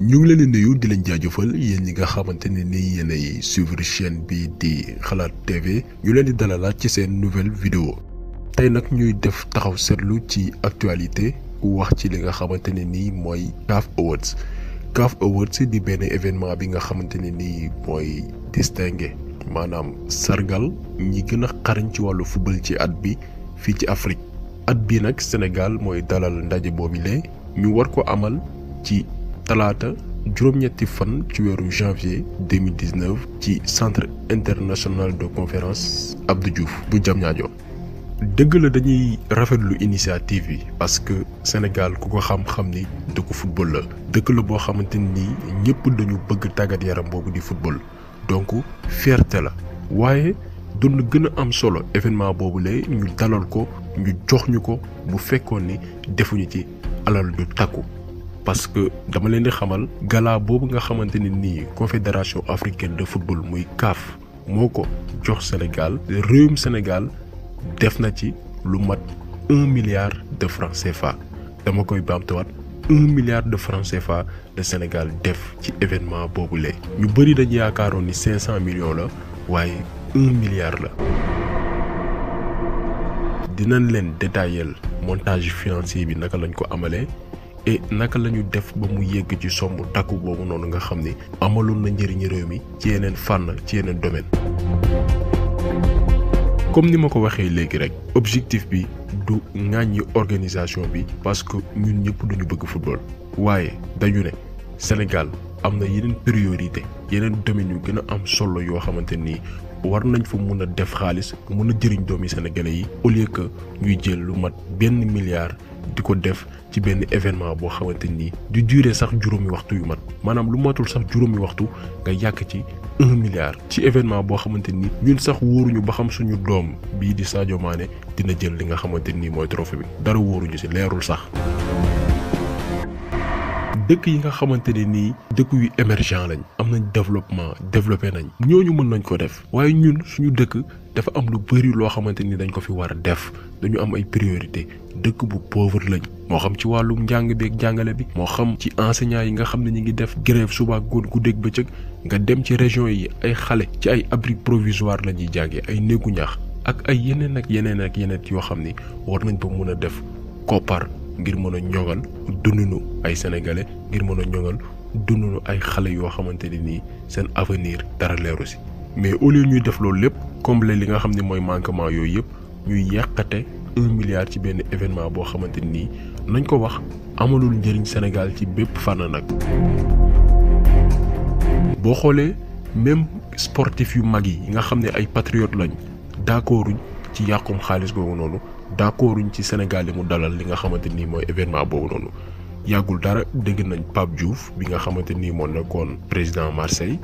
ñu ngi leen di nuyu di leen jaajëfal yéen ñi nga xamante ne ni yéen ay suivre bi di xalaat TV ñu leen di dalalaat ci seen nouvelle vidéo tey nag ñuy def taxaw seetlu ci actualité wax ci li nga xamante ne nii mooy CAF Awards CAF Awards di benn événement bi nga xamante ne nii mooy distingué maanaam sargal ñi gën a xarañ ci wàllu football ci at bi fii ci Afrique at bi nag Sénégal mooy dalal ndaje boobile ñu war ko amal ci. talata juróom-ñetti fan ci weeru janvier 2019 ci centre international de conférence Abdou Diouf bu Diamniadio dëgg la dañuy rafetlu initiative bi parce que Sénégal ku ko xam-xam ni dëkku football la dëkk la boo xamante ni ñëpp dañu bëgg tàggat yaram boobu di football donc fierté la waaye doon gën a am solo événement boobu la ñu dalal ko ñu jox ñu ko bu fekkoon ni defuñu ci alal du takku parce que dama leen di xamal gala boobu nga xamante ni nii confédération africaine de football muy CAF moo ko jox Sénégal réewum Sénégal def na ci lu mat 1 milliard de francs CFA dama koy baamtuwaat 1 milliard de francs CFA le Sénégal def ci événement boobule. ñu bëri dañu yaakaaroon ni 500 millions la waaye 1 milliard la. dinañ leen détailler montage financier bi naka lañ ko amalee et eh, naka lañu def ba mu yegg ci sombu takku bobu non nga xam amalon amaloon na njëriñu réew mi ci yenen fan ci yenen domaine comme ni mako waxé légui rek objectif bi du ŋàññi organisation bi parce que ñun ñëpp duñu bëgg football waaye dañu né Sénégal amna yenen priorité yeneen domaine yu gën a am solo yoo xamante nii war nañ fa mun a def xaalis mun a jëriñ doom doomi sénégalais yi au lieu que ñuy jël lu mat benn milliard di ko def ci benn événement boo xamante nii du durer sax juróomi waxtu yu mat maanaam lu matul sax juróomi waxtu nga yàkk ci un ci événement boo xamante ni ñun sax wóoruñu ba xam suñu doom bii di Sadio Mané dina jël li nga xamante nii mooy trophée bi dara wóoruñu si leerul sax dëkk yi nga xamante ne nii dëkk yu émergent lañ am nañ développement développé nañ ñooñu mën nañ ko def waaye ñun ñu dëkk dafa am lu bëri loo xamante ni dañ ko fi war a def dañu am ay priorité dëkk bu pauvre lañ moo xam ci wàllum njàng bi ak jàngale bi moo xam ci enseignant yi nga xam ne ñu ngi def grève suba góor guddeeg bëccëg nga dem ci région yi ay xale ci ay abri provisoire la ñuy jàngee ay néegu ñax ak ay yeneen ak yeneen ak yeneen yoo xam ni war nañ ko mën a def koppar ngir mën a ñoŋal dundunu ay sénégalais ngir mën a ñoŋal dundunu ay xale yoo xamante ne nii seen avenir dara leeru si mais au lieu ñuy def loolu lépp combler li nga xam ne mooy manquement yooyu yëpp ñuy yàqate un milliard ci benn événement boo xamante ni nañ ko wax amalul njëriñ Sénégal ci bépp fànn nag. boo xoolee même sportif yu mag yi nga xam ne ay patriotes lañ d'accorduñ ci yàqum xaalis googu noonu d'accorduñ ci Sénégal yi mu dalal li nga xamante ni mooy événement boobu noonu yàggul dara dégg nañ pap Diouf bi nga xamante ni moo président Marseille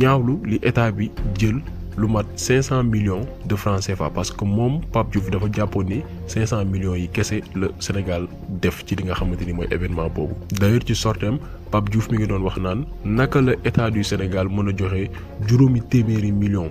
ñaawlu li état bi jël lu mat 500 millions de francs CFA parce que moom pap Diouf dafa jàppoon ni 500 millions yi kese le Sénégal def ci li nga xamante ni événement boobu d'ailleurs ci sortem pap Diouf mi ngi doon wax naan naka état du Sénégal mën a joxe juróomi millions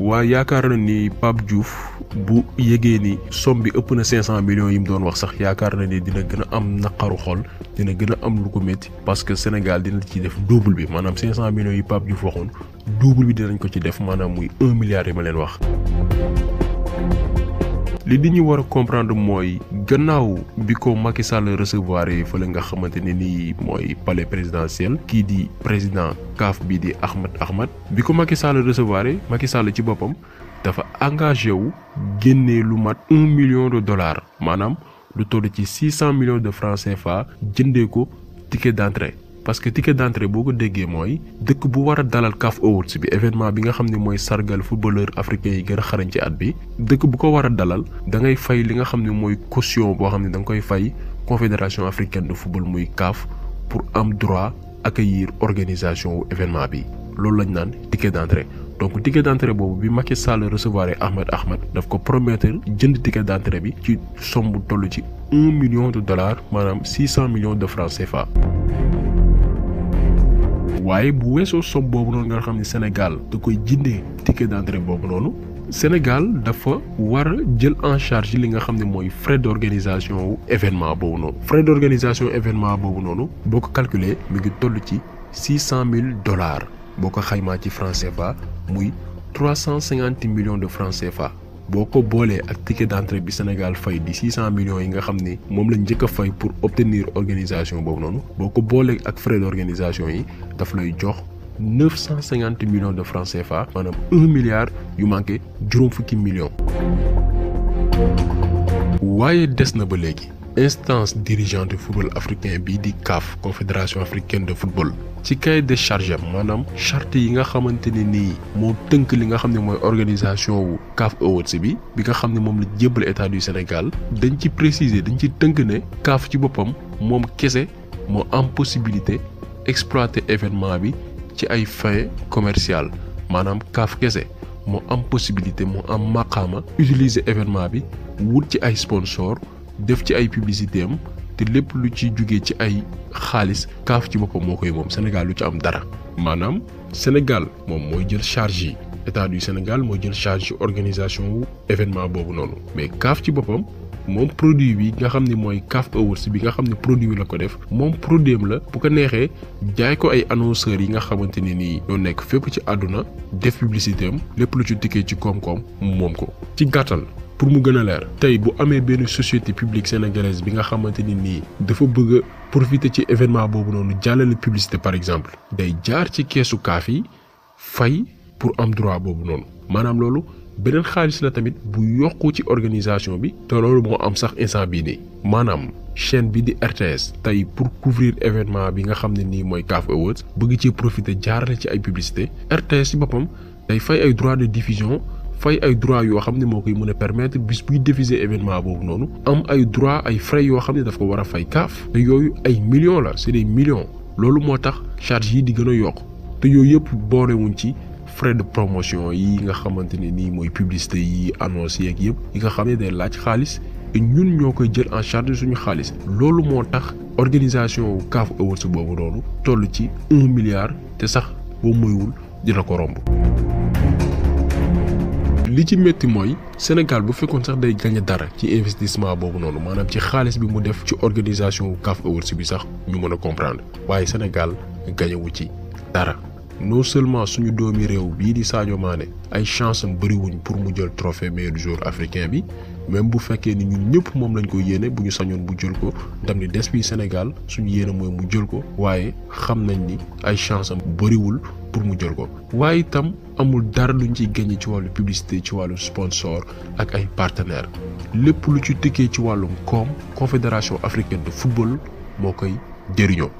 waaye yaakaar na ni Pape jouf bu yëgee ni somme bi ëpp na 500 millions yi mu doon wax sax yaakaar na ni dina gën am naqaru xol dina gën a am lu ko métti parce que Sénégal dina ci def double bi maanaam 500 millions yi Pape Diouf waxoon double bi dinañ ko ci def maanaam muy 1 milliard yi ma leen wax. li nit ñi war a comprendre mooy gannaaw bi ko Macky Sall recevoir fële nga xamante ne nii mooy palais présidentiel kii di président CAF bi di Ahmed Ahmed bi ko Macky Sall recevoir Macky Sall ci boppam dafa engagé wu génnee lu mat 1 million de dollars maanaam lu toll ci 600 millions de francs CFA jëndee ko ticket d'entrée parce que ticket d'entrée boo ko déggee mooy dëkk bu war a dalal CAF Awards bi événement bi nga xam ne mooy sargal footballeur africain yi gën a xarañ ci at bi dëkk bu ko war a dalal dangay fay li nga xam ne mooy caution boo xam ne da nga koy fay confédération africaine de football muy CAF pour am droit accueillir organisation wu événement bi loolu lañ naan ticket d'entrée donc ticket d'entrée boobu bi Macky Sall recevoir Ahmed Ahmed daf ko promettre jënd ticket d'entrée bi ci somme bu toll ci un million de dollars maanaam six cent millions de francs waaye bu weesoo somme boobu noonu nga xam ne Sénégal da koy jindee ticket d'entrée boobu noonu Sénégal dafa war a jël en charge li nga xam ne mooy frais d'organisation wu événement boobu noonu frais d'organisation événement boobu noonu boo ko calculer mi ngi toll ci 600 mille dollars boo ko xaymaa ci franc CFA muy 350 millions de francs CFA. Boko vous ak ticket d'entrée bi Sénégal fay di 600 millions yi nga xamné mom moom fay pour obtenir organisation Si vous boko bolé ak frais d'organisation yi daf lay jox 950 millions de francs CFA manam 1 milliard yu manqué juróom millions. waaye des na ba légui instance dirigeante de football africain bi CAF confédération africaine de football ci cahier de charge manam charte yi nga xamanteni ni mo teunk li nga organisation CAF Awards bi bi nga état du Sénégal dañ préciser dañ ci CAF ci mo impossibilité exploiter événement bi ci ay commercial manam CAF possibilité en am utiliser événement bi sponsor def ci ay publicité am te lépp lu ci jugee ci ay xaalis kaaf ci boppam moo koy moom Sénégal lu ci am dara maanaam Sénégal moom mooy jël charge yi état du Sénégal mooy jël charge ci organisation wu événement boobu noonu mais kaaf ci boppam moom produit bi nga xam ne mooy CAF Awards bi nga xam ne produit la ko def moom produit la bu ko neexee jaay ko ay annonceurs yi nga xamante ne nii ñoo nekk fépp ci àdduna def publicité am lépp lu ci tikkee ci koom-koom moom ko ci gàttal pour mu gëna a leer tey bu amé bénn société publique sénégalaise bi nga xamante ni dafa bëgg profiter ci événement bobu nonu jallale publicité par exemple day jaar ci keesu kafi fay pour am droit bobu nonu manam lolu beneen xaalis la tamit bu yokku ci organisation bi te lolu mo am sax instant bi ni manam chaîne bi di RTS tay pour couvrir événement bi nga xamné ni moy mooy CAF Awards bëgg ci profiter jaarale ci ay publicité RTS ci boppam day fay ay droits de diffusion fay ay droit yo xam mo koy mën permettre bis buy diffuser événement bobu noonu am ay droit ay frais yo xam ne daf ko war fay kaf te yooyu ay millions la c'est des millions loolu motax charge yi di gëna yok yokk yoyu yooyu boré wuñ ci frais de promotion yi nga xamante ni moy publicité yi annonce yeeg yëpp yi nga xam des day laaj xaalis te ñun ñoo jël en charge suñu xaalis loolu motax organisation kaf CAF Awards bobu noonu tollu ci 1 milliard te sax boo moywul dina ko romb li ci metti moy Sénégal bu fekkon sax day gagner dara ci investissement bobu noonu manam ci xaliss bi mu def ci organisation CAF Awards bi sax ñu mëna comprendre waye Sénégal gagné wu ci dara. non seulement suñu doomi réew bi di Sadio Mané ay chance am wuñ pour mu jël trophée meilleur joueur africain bi même bu fekkee ni ñu ñëpp moom lañ koy yéene bu ñu sañoon mu jël ko ndam ni des bi Sénégal suñu yéene mooy mu jël ko waaye xam nañ ni ay chance bëriwul pour mu jël ko waaye itam amul dara luñ ciy gagné ci wàllu publicité ci wàllu sponsor ak ay partenaires lépp lu ci tëkkee ci wàllum koom confédération africaine de football moo koy jëriñoo.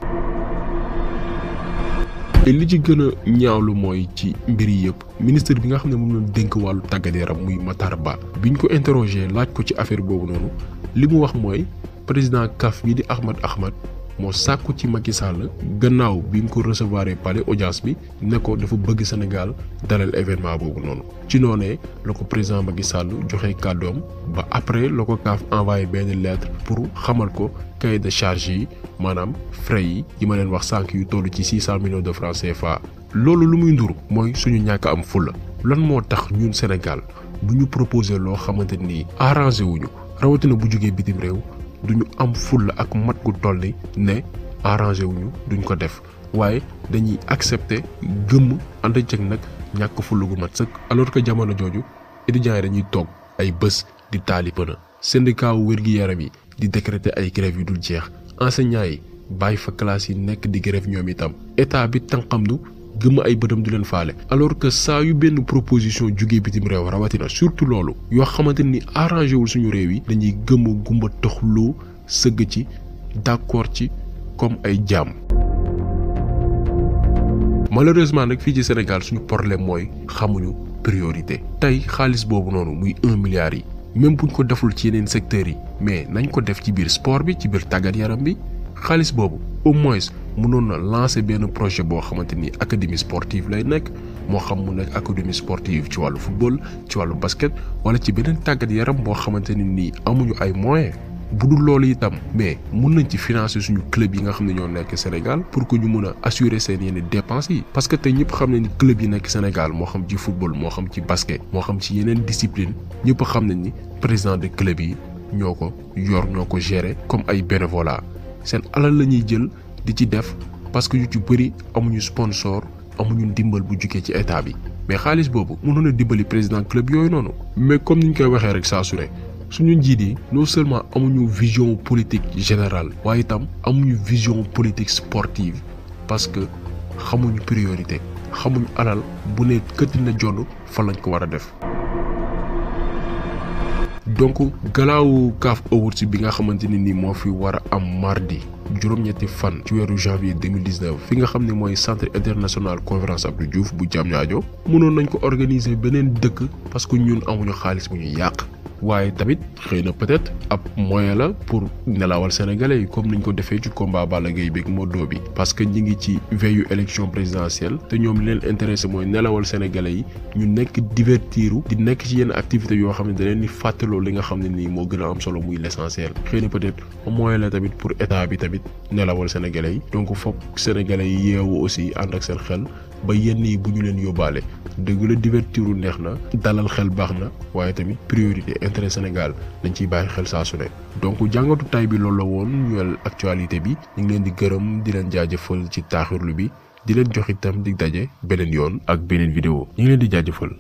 li ci gën a ñaawlu mooy ci mbir yi yëpp bi nga xam ne moom dénk wàllu tàggat yaram muy Matar Ba ñu ko interrogé laaj ko ci affaire boobu noonu li mu wax mooy président kaf bi di Ahmad Ahmad moo sàkku ci Macky Sall gannaaw bi mu ko recevoir palais audience bi ne ko dafa bëgg Sénégal dalal événement boobu noonu ci noonee la ko président Macky Sall joxe kàddoom ba après la ko kaaf envoyé benn lettre pour xamal ko cahier de charge yi maanaam frais yi yi ma leen wax sànq yu toll ci six cent millions de francs CFA. loolu lu muy ndur mooy suñu ñàkk am fulla lan moo tax ñun Sénégal bu ñu proposé loo xamante ni arrangé wuñu rawatina bu jógee bitim réew. duñu am fulla ak mat gu tolli ne arrangé wuñu duñ ko def waaye dañuy accepter gëmm ànd ceeg nag ñàkk fulla gu mat sëkk alors que jamono jooju étudiants yi dañuy toog ay bés di taali pëna syndicat wu wér-gi-yaram yi di décréter ay grèves yu dul jeex enseignants yi bàyyi fa classe yi nekk di grève ñoom itam état bi tànqamdu gëmm ay bëtam di leen faale alors que saa yu benn proposition jugee bitim réew rawatina surtout loolu yoo xamante ni arrangé wul suñu réew yi dañuy gëmm gumba toxloo sëgg ci d'accord ci comme ay jaam. malheureusement nag fii ci Sénégal suñu problème mooy xamuñu priorité tey xaalis boobu noonu muy 1 milliard yi même buñ ko deful ci yeneen secteurs yi mais nañ ko def ci biir sport bi ci biir tàggat yaram bi xaalis boobu au moins mënon na lancer benn projet boo xamante académie sportive lay nek mo xam mu académie sportive ci walu football ci walu basket wala ci benen tagat yaram bo xamanteni ni amuñu ay moyens. bu loolu itam mais mun nañ ci financer suñu club yi nga xam ne ñoo nekk Sénégal pour que ñu mun a assurer seen yenn dépenses yi parce que tey ñëpp xam nañ ni club yi nekk Sénégal moo xam ci football moo xam ci basket moo xam ci yeneen discipline ñëpp xam nañ ni président de club yi ñoo ko yor ñoo ko gérer comme ay bénévolat seen alal la ñuy jël def parce que yu ci bëri amuñu sponsor amuñu dimbal bu jugee ci état bi mais xaalis bobu mënoon a dimbali président club yoy noonu. mais comme niñ koy waxé rek sa su suñu njidi non seulement amuñu vision politique générale waaye itam amuñu vision politique sportive parce que xamuñu priorité xamuñu alal bu né këtt na jonn fan lañ ko wara def. donc galaawu CAF Awards bi nga xamanteni ni mo fi wara am mardi juróom-ñetti fan ci wéru janvier 2019 fi nga xam moy centre international conférence Abdou Diouf bu Diamniadio mënon nañ ko organiser benen dëkk parce que ñun amuñu xaaliss bu ñu yàq waaye tamit xëy na peut-être ab moyen la pour nelawal sénégalais yi comme niñ ko defee ci combat Balla Gaye beeg Modou bi parce que ñi ngi ci veillu élection présidentielle te ñoom li leen intéressé mooy nelawal sénégalais yi ñu nekk divertiru di nekk ci yenn activité yoo xam ne da leen di fàttaloo li nga xam ne nii moo gën a am solo muy essentiel xëy na peut-être moyen la tamit pour état bi tamit nelawal sénégalais yi donc foog sénégalais yi yeewu aussi ànd ak seen xel ba yenn yi bu ñu leen yóbbaale dëgg la divertiru neex na dalal xel baax na waaye tamit priorité intérêt Sénégal dañ ciy bàyyi xel saa su ne donc jàngatu tay bi loolu la woon ñuwel actualité bi ñu ngi leen di gërëm di leen jaajëfal ci taaxirlu bi di leen jox itam di daje beneen yoon ak beneen vidéo ñu ngi leen di jaajëfal